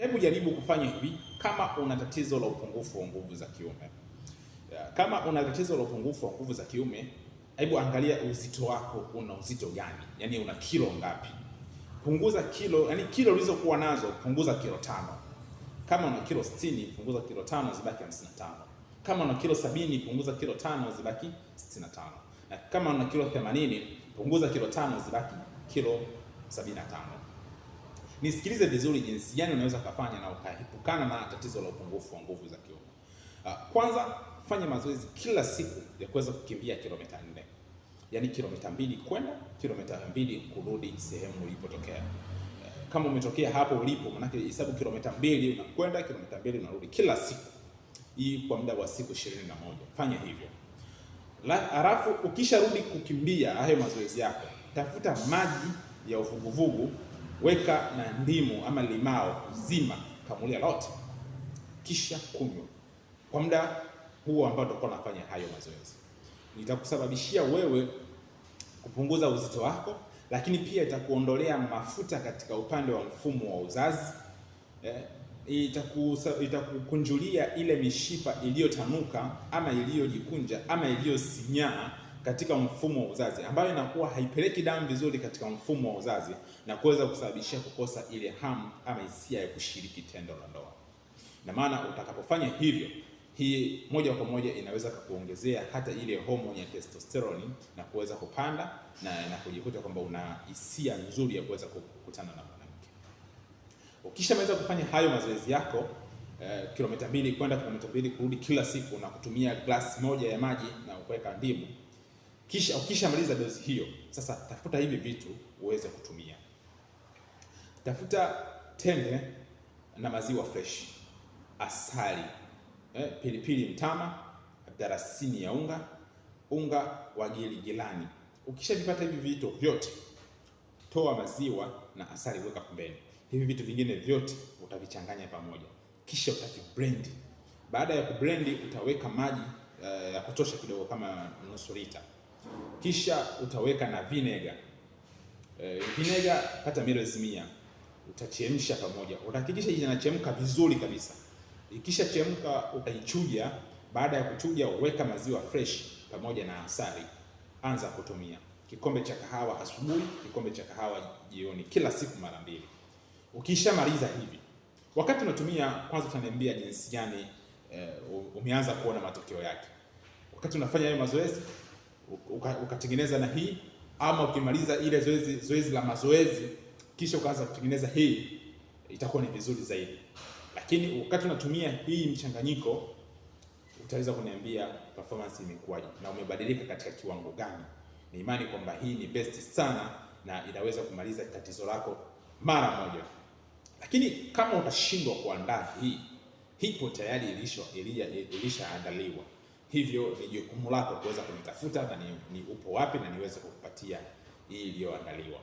Hebu jaribu kufanya hivi, kama una tatizo la upungufu wa nguvu za kiume. Kama una tatizo la upungufu wa nguvu za kiume, hebu angalia uzito wako, una uzito gani? Yaani una kilo ngapi? Punguza kilo, yani kilo ulizokuwa nazo, punguza kilo tano. Kama una kilo 60, punguza kilo tano zibaki 55. Kama una kilo sabini, punguza kilo tano zibaki 65. Na kama una kilo 80, punguza kilo tano zibaki kilo 75 nisikilize vizuri jinsi gani unaweza kufanya na ukaepukana na tatizo la upungufu wa nguvu za kiume. Ah, kwanza fanya mazoezi kila siku ya kuweza kukimbia kilomita nne, yaani kilomita mbili kwenda kilomita mbili kurudi sehemu ulipotokea. Kama umetokea hapo ulipo, manake hesabu kilomita mbili unakwenda kilomita mbili unarudi kila siku, hii kwa muda wa siku 21. Fanya hivyo halafu ukisharudi kukimbia hayo mazoezi yako, tafuta maji ya uvuguvugu weka na ndimu ama limao zima, kamulia lote, kisha kunywa kwa muda huo ambao tutakuwa nafanya hayo mazoezi. Itakusababishia wewe kupunguza uzito wako, lakini pia itakuondolea mafuta katika upande wa mfumo wa uzazi eh, itakukunjulia ile mishipa iliyotanuka ama iliyojikunja ama iliyosinyaa katika mfumo wa uzazi ambayo inakuwa haipeleki damu vizuri katika mfumo wa uzazi na kuweza kusababishia kukosa ile hamu ama hisia ya kushiriki tendo la ndoa. Na maana utakapofanya hivyo, hii moja kwa moja inaweza kukuongezea hata ile homoni ya testosterone na kuweza kupanda na, na kujikuta kwamba una hisia nzuri ya kuweza kukutana na mwanamke. Ukishaweza kufanya hayo mazoezi yako eh, kilomita mbili kwenda kilomita mbili kurudi kila siku na kutumia glasi moja ya maji na kuweka ndimu kisha ukishamaliza dozi hiyo, sasa tafuta hivi vitu uweze kutumia. Tafuta tende na maziwa fresh, asali, eh, pilipili mtama, darasini ya unga, unga wa giligilani. Ukishavipata hivi vitu vyote, toa maziwa na asali, weka pembeni. Hivi vitu vingine vyote utavichanganya pamoja, kisha utakibrendi. Baada ya kublend, utaweka maji uh, ya kutosha kidogo, kama nusu lita kisha utaweka na vinega e, vinega hata mililita mia utachemsha pamoja, utahakikisha inachemka vizuri kabisa. Ikisha chemka utaichuja. Baada ya kuchuja, uweka maziwa fresh pamoja na asali. Anza kutumia kikombe cha kahawa asubuhi, kikombe cha kahawa jioni, kila siku mara mbili. Ukishamaliza hivi, wakati unatumia kwanza, utaniambia jinsi gani e, umeanza kuona matokeo yake wakati unafanya hayo mazoezi ukatengeneza na hii, ama ukimaliza ile zoezi zoezi la mazoezi kisha ukaanza kutengeneza hii, itakuwa ni vizuri zaidi. Lakini wakati unatumia hii mchanganyiko, utaweza kuniambia performance imekuwaje na umebadilika katika kiwango gani. Ni imani kwamba hii ni best sana na inaweza kumaliza tatizo lako mara moja. Lakini kama utashindwa kuandaa hii, hipo tayari ilishaandaliwa ilisha Hivyo ni jukumu lako kuweza kunitafuta na ni, ni upo wapi na niweze kukupatia hii iliyoandaliwa.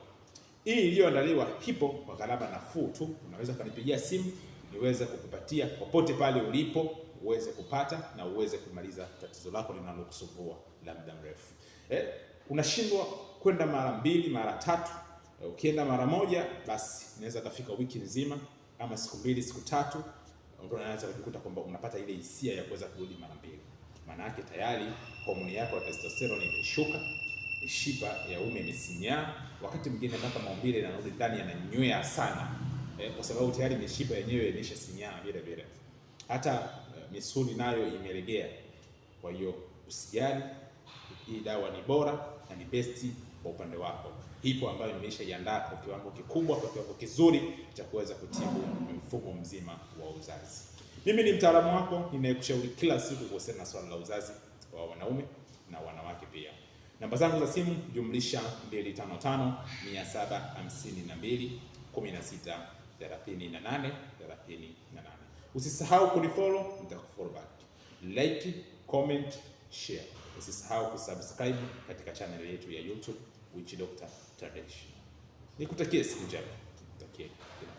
Hii iliyoandaliwa ipo kwa gharama nafuu tu, unaweza ukanipigia simu niweze kukupatia popote pale ulipo uweze kupata na uweze kumaliza tatizo lako linalokusumbua la muda mrefu. Eh, unashindwa kwenda mara mbili mara tatu. Eh, ukienda mara moja, basi inaweza kafika wiki nzima ama siku mbili siku tatu, unaanza kujikuta kwamba unapata ile hisia ya kuweza kurudi mara mbili yake tayari homoni yako ya testosterone imeshuka, mishipa ya ume imesinyaa, wakati mwingine mpaka maumbile yanarudi ndani yananywea sana eh, kwa sababu tayari mishipa yenyewe imeshasinyaa vile vile, hata eh, misuli nayo imelegea. Kwa hiyo usijali, hii dawa ni bora na ni besti kwa upande wako. Ipo ambayo nimeshaiandaa kwa kiwango kikubwa, kwa kiwango kizuri cha kuweza kutibu mfumo mzima wa uzazi. Mimi ni mtaalamu wako ninayekushauri kila siku kuhusiana na swala la uzazi wa wanaume na wanawake pia. Namba zangu za simu jumlisha 255 Usisahau kunifollow, nitakufollow back. Like, comment, share. Usisahau kusubscribe katika channel yetu ya YouTube Witch Doctor Traditional. Nikutakie siku njema. Nikutakie.